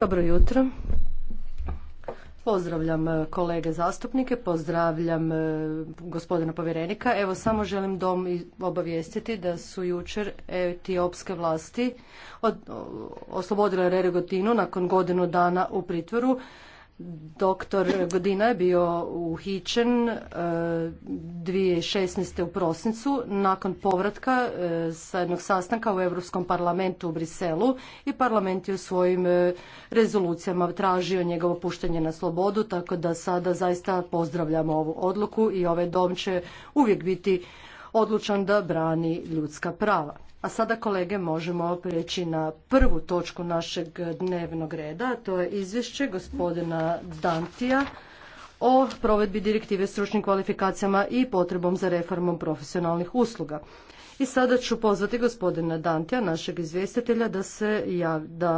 Dobro jutro. Pozdravljam e, kolege zastupnike, pozdravljam e, gospodina povjerenika. Evo samo želim dom obavijestiti da su jučer etiopske vlasti oslobodile Reregotinu nakon godinu dana u pritvoru Doktor Godina je bio uhićen 2016. E, u prosincu nakon povratka e, sa jednog sastanka u Europskom parlamentu u Briselu i parlament je u svojim e, rezolucijama tražio njegovo puštanje na slobodu, tako da sada zaista pozdravljamo ovu odluku i ovaj dom će uvijek biti odlučan da brani ljudska prava. A sada kolege možemo prijeći na prvu točku našeg dnevnog reda, to je izvješće gospodina Dantija o provedbi direktive stručnim kvalifikacijama i potrebom za reformom profesionalnih usluga. I sada ću pozvati gospodina Dantija, našeg izvjestitelja, da se ja, da